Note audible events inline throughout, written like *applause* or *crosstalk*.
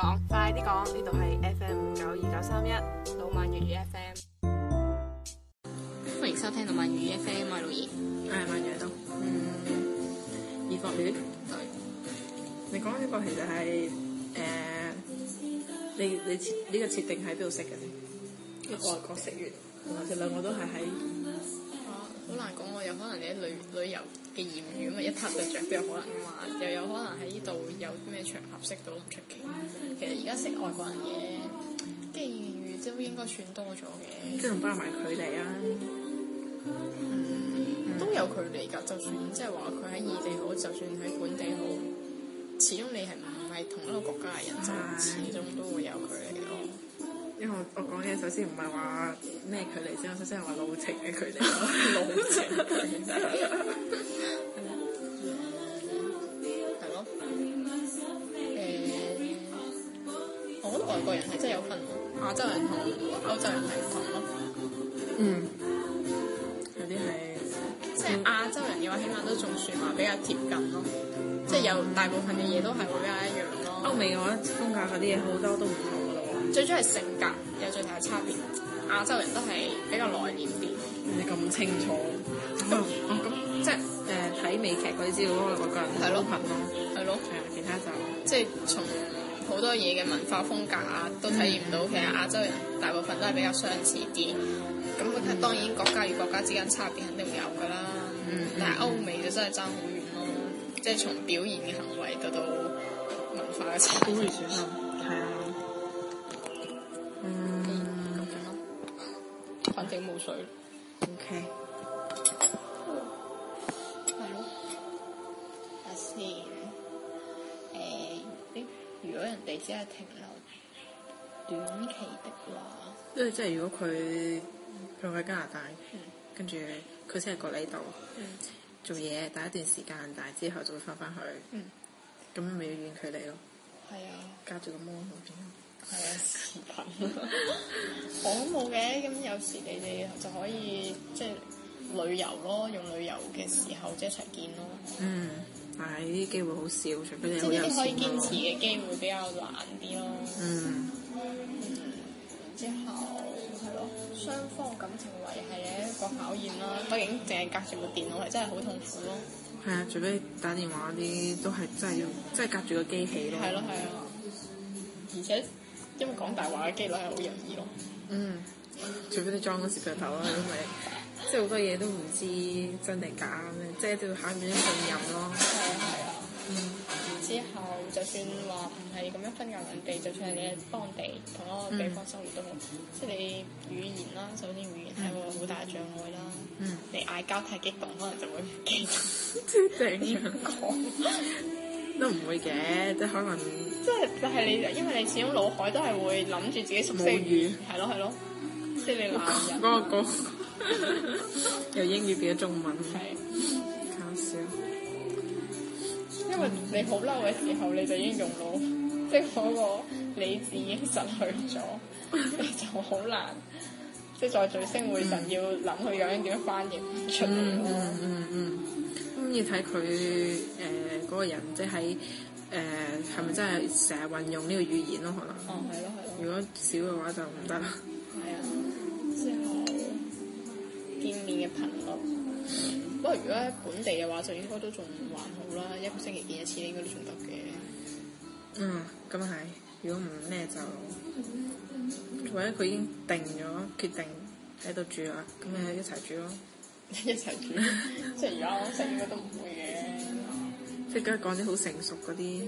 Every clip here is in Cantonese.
講快啲講，呢度係 F M 五九二九三一老萬粵語 F M，歡迎收聽老萬粵語 F M，我係老二，誒，萬越都，嗯，嗯嗯異國戀對、呃，你講呢個其實係誒，你你呢、這個設定喺邊度識嘅咧？一個國識完，或者兩個都係喺，好、嗯哦、難講，我有可能啲旅旅遊嘅豔遇啊嘛，一拍就着都有可能啊嘛，又有可能喺呢度有啲咩長。識到唔出奇，其實而家識外國人嘅，機遇即係應該算多咗嘅，跟住包埋距離啦、啊，嗯嗯、都有距離㗎。就算即係話佢喺異地好，就算喺本地好，始終你係唔係同一個國家嘅人，唉就始終都會有距離咯。因為我我講嘢首先唔係話咩距離先，我先係話路程嘅距離咯。路程。個人係真係有分，亞洲人同歐洲人係唔同咯。嗯，有啲係即係亞洲人嘅話，起碼都仲算話比較貼近咯。嗯、即係有大部分嘅嘢都係會比較一樣咯。歐美嘅話風格嗰啲嘢好多都唔同嘅咯。最主要係性格有最大嘅差別，亞洲人都係比較內斂啲。你咁清楚？咁、嗯嗯、即係誒睇美劇嗰啲資料咯，我個人觀頻咯，係咯，係其他就即係從。好多嘢嘅文化風格啊，都體驗唔到。其實亞洲人大部分都係比較相似啲。咁、嗯、當然國家與國家之間差別肯定會有㗎啦、嗯。嗯，但係歐美就真係爭好遠咯。嗯、即係從表現嘅行為到到文化嘅差別，係啊、嗯，嗯咯。嗯反正冇水。OK。只係停留短期的話、嗯，即係即係如果佢佢去加拿大，嗯、跟住佢先係過嚟呢度、嗯、做嘢，第一段時間，但係之後就會翻返去，咁咪、嗯、要遠距離咯。係啊、嗯，隔住個 mon。係啊，視頻 *laughs* *laughs* 我都冇嘅，咁有時你哋就可以即係、就是、旅遊咯，用旅遊嘅時候即一齊見咯。嗯。 *laughs* *laughs* 係，啲機會好少，除非你有錢咯。可以堅持嘅機會比較難啲咯。嗯。嗯。之後係咯，雙方感情維係嘅一個考驗啦。畢竟淨係隔住部電腦係真係好痛苦咯。係啊，除非打電話嗰啲都係真係要真係隔住個機器咯。係咯、嗯，係啊。而且因為講大話嘅機率係好容易咯。嗯。除非你裝個攝像頭啊。是 *laughs* 的的即好多嘢都唔知真定假咁，即係都要考驗信任咯。係 *noise* 啊，係啊。嗯。之後，就算話唔係咁樣分隔兩地，就算係你係當地同一個地方生活都好，嗯、即係你語言啦，首先語言係個好大障礙啦。嗯、你嗌交太激動，可能就會唔記得。即正嘅歌。都唔會嘅，即係可能即。即係就係你，因為你始終腦海都係會諗住自己熟悉嘅語言，係咯係咯，即係你難人。 *laughs* 由英語變咗中文，係的搞笑。因為你好嬲嘅時候，你就已經用腦， *laughs* 即係嗰個理智已經失去咗，你 *laughs* 就好難，即係再聚精會神要諗佢樣點樣翻譯出嚟。嗯嗯，嗯，咁、嗯嗯、要睇佢，誒嗰個人，即係誒係咪真係成日運用呢個語言咯？可能。的哦係咯係咯。如果少嘅話就唔得啦。係啊的。 *laughs* *laughs* 見面嘅頻率，嗯、不過如果喺本地嘅話，就應該都仲還，還好啦。一個星期見一次應該都仲得嘅。嗯，咁啊係。如果唔咩就，或者佢已經定咗決定喺度住啦，咁咪、嗯、一齊住咯。 *laughs* 一齊住，即係如果我識應該都唔會嘅。即梗係講啲好成熟嗰啲。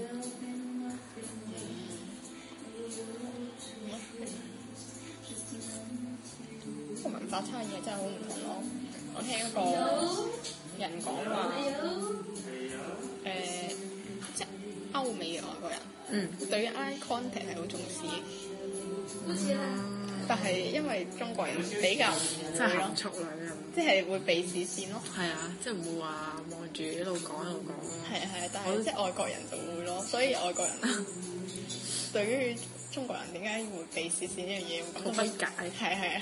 文化差異真係好唔同咯。我聽一個人講話，誒、嗯呃，即係歐美嘅外國人，嗯，對於 eye contact 係好重視，嗯、但係因為中國人比較即係含蓄，即係會避、嗯、視線咯，係啊，即係唔會話望住一路講一路講。係啊係啊，但係即係外國人就會咯，所以外國人對於中國人點解會避視線呢樣嘢，好不解。係係係。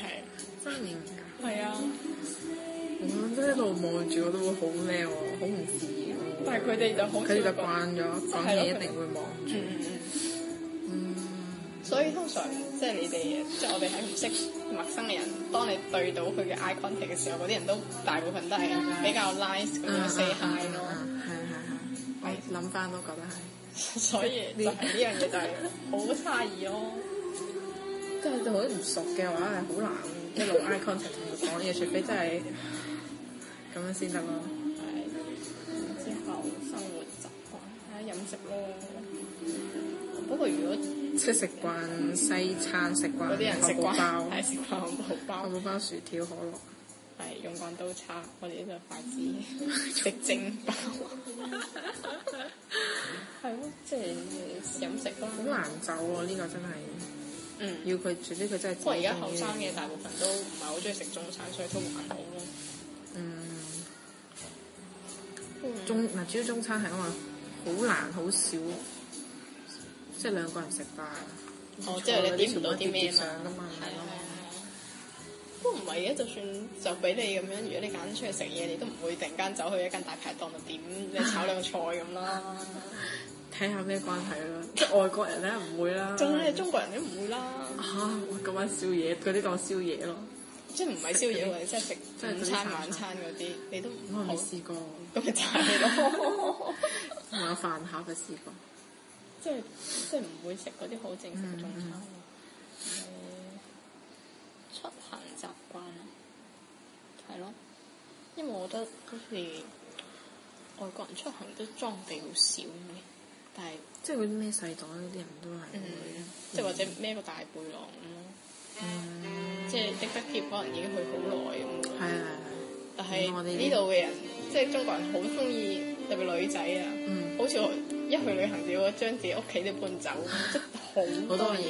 三年，係啊，我真係喺度望住，我都會好咩喎，好唔自然。但係佢哋就好，佢哋就慣咗，慣咗一定會望住。嗯所以通常即係你哋，即係我哋喺唔識陌生嘅人，當你對到佢嘅 eye contact 嘅時候，嗰啲人都大部分都係比較 nice 咁樣 say hi 咯。係係係。喂，諗翻都覺得係。所以呢樣嘢就係好差異咯。即係同啲唔熟嘅話係好難。一路 i c o n t 同佢講嘢， *laughs* aries, *laughs* 除非真係咁樣先得咯。係之後生活習慣，睇下飲食咯。不過如果即係食慣西餐，食慣漢堡包，睇食慣漢堡包。漢堡包薯條可樂，係用慣刀叉，我哋呢個筷子。食蒸包。係咯，即係飲食咯。好難走啊！呢個真係。要佢，除非佢真係。不過而家後生嘅大部分都唔係好中意食中餐，所以都唔係好咯。嗯。嗯中唔主要中餐係因為好難，好少，即、就、係、是、兩個人食飯。哦，即係你點唔到啲咩？嘢係咯。都唔係嘅，就算就俾你咁樣，如果你揀出去食嘢，你都唔會突然間走去一間大排檔度點你炒兩個菜咁啦、 *laughs* 啊。睇下咩關係啦，即係外國人咧唔會啦，就算中國人都唔會啦嚇。咁、啊、晚，宵夜，嗰啲當宵夜咯，即係唔係宵夜，或者即係食午餐晚餐嗰啲，你都我未試過咁嘅餐嘅咯。有飯盒嘅試過，即係即係唔會食嗰啲好正式中餐。出行習慣係咯，因為我覺得好似外國人出行都裝備好少嘅。但係，即係嗰啲咩細袋嗰啲人都係，即係或者孭個大背囊咯，即係的不起可能已經去好耐咁。係係係，但係呢度嘅人即係中國人好中意，特別女仔啊，好似我一去旅行就要將自己屋企啲搬走，即係好多嘢。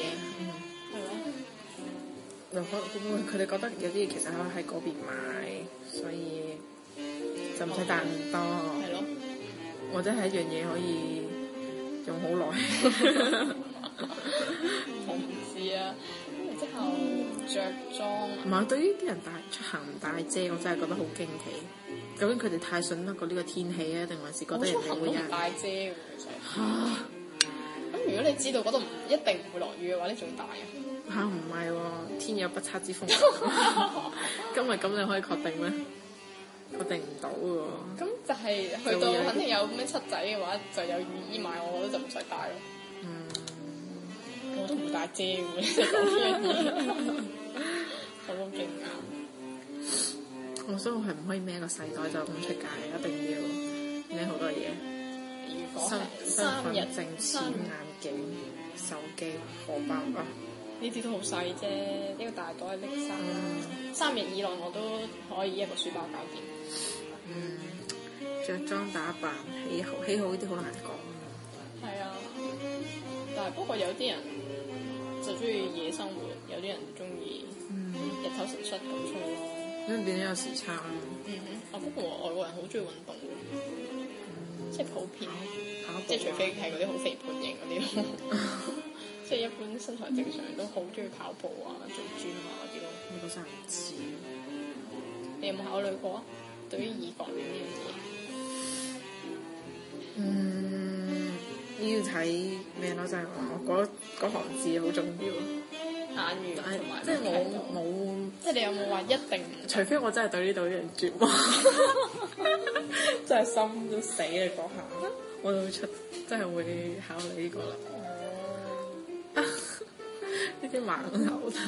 嗱，可能佢哋覺得有啲嘢其實可以喺嗰邊買，所以就唔使帶咁多。係咯，或者係一樣嘢可以。用好耐， *laughs* 我唔知啊。咁然之後着裝、啊，唔係、嗯、對於啲人帶出行唔帶遮，我真係覺得好驚奇。究竟佢哋太順得過呢個天氣啊，定還是覺得人哋會帶遮？嚇！咁、嗯、 *laughs* 如果你知道嗰度一定唔會落雨嘅話，你仲帶啊？吓、啊，唔係喎，天有不測之風。 *laughs* *laughs* 今日咁你可以確定咩？嗯、我定唔到喎。咁就係去到肯定有咩七仔嘅話，就有雨衣買我，我覺得就唔使帶咯。嗯，我都唔帶遮喎，好驚啊！我所以，我係唔可以孭個細袋就咁出街，一定要孭好多嘢。如果，身分證、日錢、眼鏡、日手機、荷包。啊呢啲都好細啫，呢個大袋拎、er, 嗯、三三日以內我都可以一個書包搞掂。着裝、嗯、打扮喜好喜好呢啲好難講。係、嗯、啊，但係不過有啲人就中意夜生活，有啲人中意日頭食出咁粗咯。因為別人有時差、啊。嗯哼，啊、我不過外國人好中意運動嘅，嗯、即係普遍，即係除非係嗰啲好肥胖型嗰啲咯。 *laughs* *laughs* 即係一般身材正常都好中意跑步啊、做 gym 啊嗰啲咯。呢個真係唔似。你有冇考慮過啊？對於異國嗰啲？嗯，要睇咩咯？就係我嗰嗰、那個、行字好重要、啊。眼緣、啊。即係冇冇。即係你有冇話一定？除非我真係對呢度啲人絕望，啊、 *laughs* *laughs* 真係心都死嘅嗰下，我就會出，真係會考慮呢、這個啦。即係買個牛仔，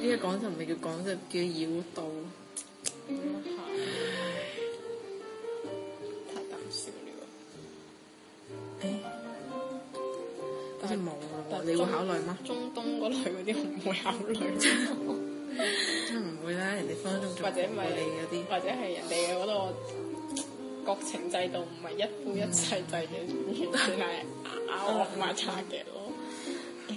依家講就唔係叫講就叫繞道，太搞笑啦！好似冇啦，你會考慮嗎？中東嗰類嗰啲，唔會考慮，真係唔會啦！人哋方中中東嗰啲，或者係人哋嘅個國情制度唔係一夫一妻制嘅，原來亞亞歐咪差嘅。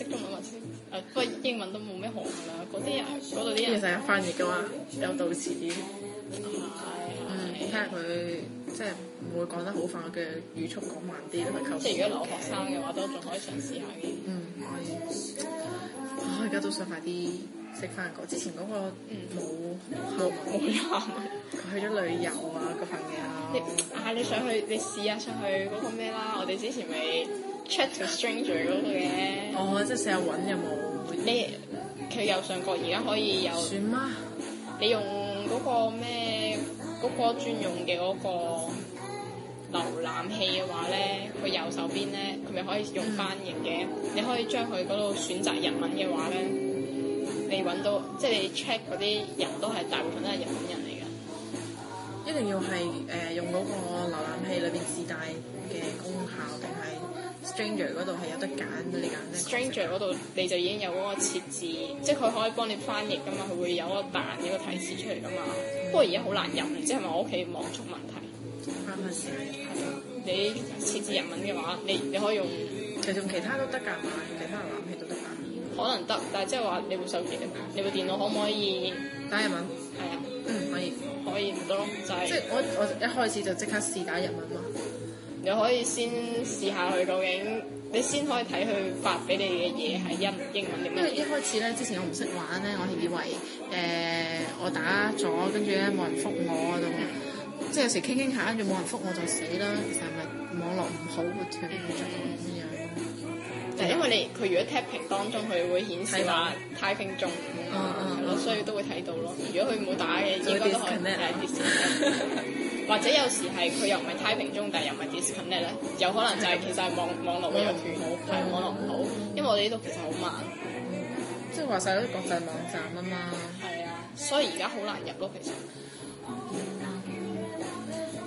識中文話先，誒、啊、不過英文都冇咩學嘅啦。嗰啲人嗰度啲人，其實有翻譯嘅話有道詞典，哎、嗯，睇下佢即係唔會講得好快嘅語速，講慢啲咯，求其。即係如果留學生嘅話，Okay. 都仲可以嘗試下嘅。嗯，可以、啊。我而家都想快啲識翻譯，之前嗰個冇考文，冇考文，去咗旅遊啊、嗰個朋友。啊。你想去，你試下上去嗰個咩啦？我哋之前咪。Chat to stranger 嗰、嗯、個嘅，哦，那個、即係成日揾有冇？咩？佢右上角而家可以有。選嗎了？你用嗰個咩嗰、那個專用嘅嗰個瀏覽器嘅話咧，佢右手邊咧，佢咪可以用翻譯嘅？嗯、你可以將佢嗰度選擇日文嘅話咧，你揾到即係你 check 嗰啲人都係大部分都係日本人嚟㗎。一定要係誒、呃、用嗰個瀏覽器裏邊自帶嘅功效定係。Stranger 嗰度係有得揀嘅，你揀咧。Stranger 嗰度你就已經有嗰個設置，即係佢可以幫你翻譯㗎嘛，佢會有嗰彈嗰個提示出嚟㗎嘛。嗯、不過而家好難入，唔知係咪我屋企網速問題？啱啊、嗯，係、嗯、啊、嗯。你設置日文嘅話，你你可以用。其實用其他都得㗎嘛，其他瀏覽器都得㗎。可，可能得，但係即係話你部手機，你部電腦可唔可以打日文？係啊對、嗯，可以，可以唔得咯。即係、就是、我我一開始就即刻試打日文嘛。你可以先試下去，究竟你先可以睇佢發俾你嘅嘢係英英文定，因為一開始咧，之前我唔識玩咧，我係以為誒、呃、我打咗，跟住咧冇人覆我，就即有時傾傾下，跟住冇人覆我就死啦，其實係咪網絡唔好咁樣？就、嗯、因為你佢如果 typing 當中佢會顯示話 typing 中。嗯的嗯，對啊啊、所以都會睇到咯。啊、如果佢冇打嘅，而家都可以睇到。 *laughs* 或者有時係佢又唔係太平中，但又唔係 disconnect 咧，有可能就係其實係網、嗯、網絡呢個斷好，係網絡唔好，因為我哋呢度其實好慢，即係話晒嗰啲國際網站啊嘛，係啊，所以而家好難入咯，其實、嗯、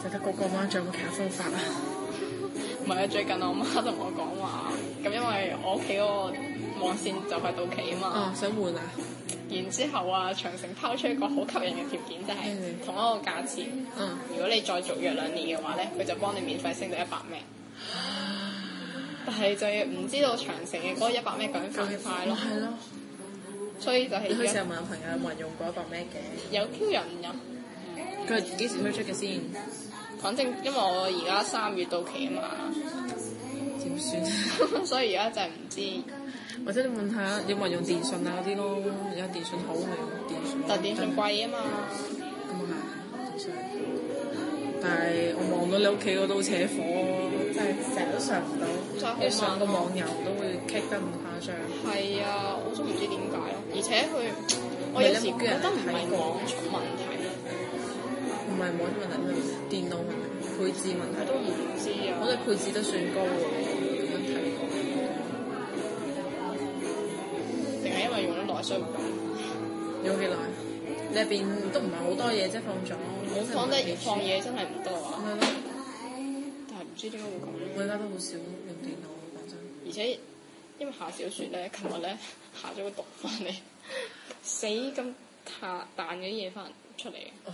就得個個媽仲有其他方法，唔 *laughs* 係 *laughs* 啊，最近我媽同我講話。咁因為我屋企嗰個網線就快到期啊嘛，哦、啊、想換啊！然之後啊，長城拋出一個好吸引嘅條件，就係、是、同嗰個價錢，嗯、如果你再續約兩年嘅話咧，佢就幫你免費升到一百咩？唉但係就係唔知道長城嘅嗰一百咩 b p s 夠快咯？所以就係你去時候問朋友有冇人用過一百咩嘅？有 q 人有？佢幾、嗯、時推出嘅先、嗯？反正因為我而家三月到期啊嘛。點算？ *laughs* 所以而家就唔知，或者你問下，你咪用電信啊嗰啲咯，而家電信好咪用電信？但電信貴啊嘛。咁啊但係我望到你屋企嗰度好扯火，真係成日都上唔到，行上個網遊都會棘得唔下上。係啊，我都唔知點解咯。而且佢，我有時覺得唔係網速問題，唔係網速問題，係電腦、嗯配置問題都唔知啊！我哋配置都算高喎，點樣睇法？定係因為用咗耐衰唔 *laughs* 得？用幾耐？你入邊都唔係好多嘢即係，放咗。冇放得放嘢真係唔多啊！ *laughs* *laughs* 但係唔知點解會咁。我依家都好少用電腦，講真。而且因為小雪呢呢 *laughs* 下小雪咧，琴日咧下咗個毒翻嚟， *laughs* 死咁彈彈嗰啲嘢翻出嚟。 *laughs*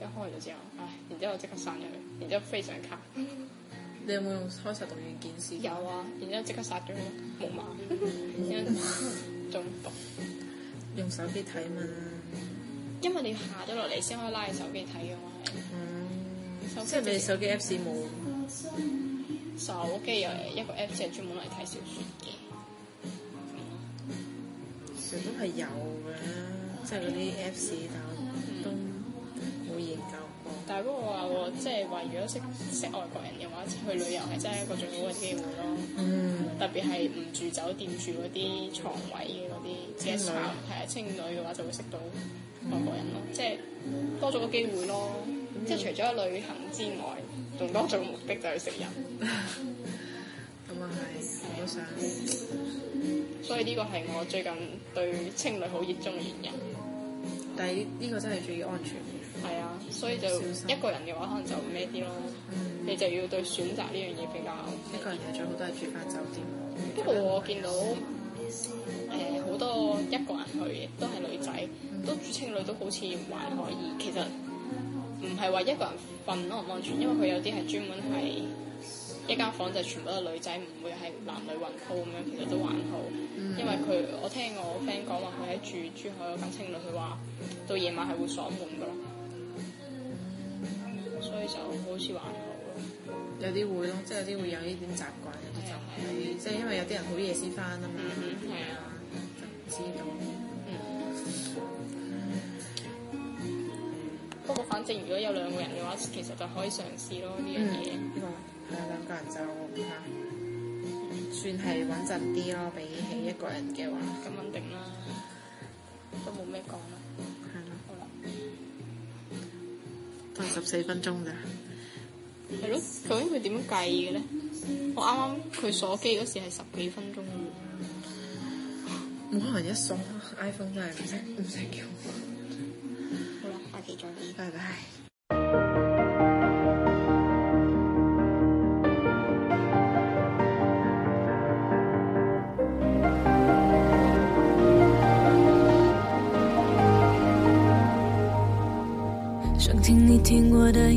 一開咗之後，唉，然之後即刻刪咗，佢，然之後非常卡。你有冇用開殺毒軟件先？有啊，然之後即刻殺咗木馬，中毒。用手機睇嘛？因為你要下咗落嚟先可以拉你手機睇嘅嘛。嗯。手就是、即係你手機 Apps 冇，手機有一個 Apps 係專門嚟睇小説嘅。其實、嗯嗯、都係、就是、有嘅，即係嗰啲 Apps 但研究過，但係不過話喎，即係話如果識識外國人嘅話，去旅遊係真係一個最好嘅機會咯。嗯，特別係唔住酒店，住嗰啲床位嘅嗰啲青旅女，係啊，青旅嘅話就會識到外國人咯，即係多咗個機會咯。嗯、即係除咗旅行之外，仲多咗個目的就係食人。咁啊係，對我想。所以呢個係我最近對青旅好熱衷嘅原因。但係呢個真係注意安全。係啊，所以就一個人嘅話，可能就咩啲咯。嗯、你就要對選擇呢樣嘢比較，一個人係最好都係住間酒店。不過、嗯、我見到誒好、嗯呃、多一個人去嘅都係女仔，都住青旅都好似還可以。其實唔係話一個人瞓安唔安全，嗯、因為佢有啲係專門係一間房就是、全部都係女仔，唔會係男女混鋪咁樣，其實都還好。嗯、因為佢我聽我 friend 講話，佢喺住珠海有間青旅，佢話到夜晚係會鎖門㗎咯。所以就好似還好咯，有啲會咯，即、就、係、是、有啲會有呢點習慣，有啲、嗯、就係，即係因為有啲人好夜先翻啊嘛。嗯哼，係啊。就知道。嗯嗯、不過反正如果有兩個人嘅話，其實就可以嘗試咯呢樣嘢。呢、嗯嗯、這個係啊，兩個人就嚇、嗯、算係穩陣啲咯，比起一個人嘅話，咁穩、嗯、定啦，都冇咩講啦。十四分鐘咋？係咯，究竟佢點樣計嘅咧？我啱啱佢鎖機嗰時係十幾分鐘喎，冇可能一鎖 iPhone 真係唔識唔識叫。好啦，下期再見，拜拜。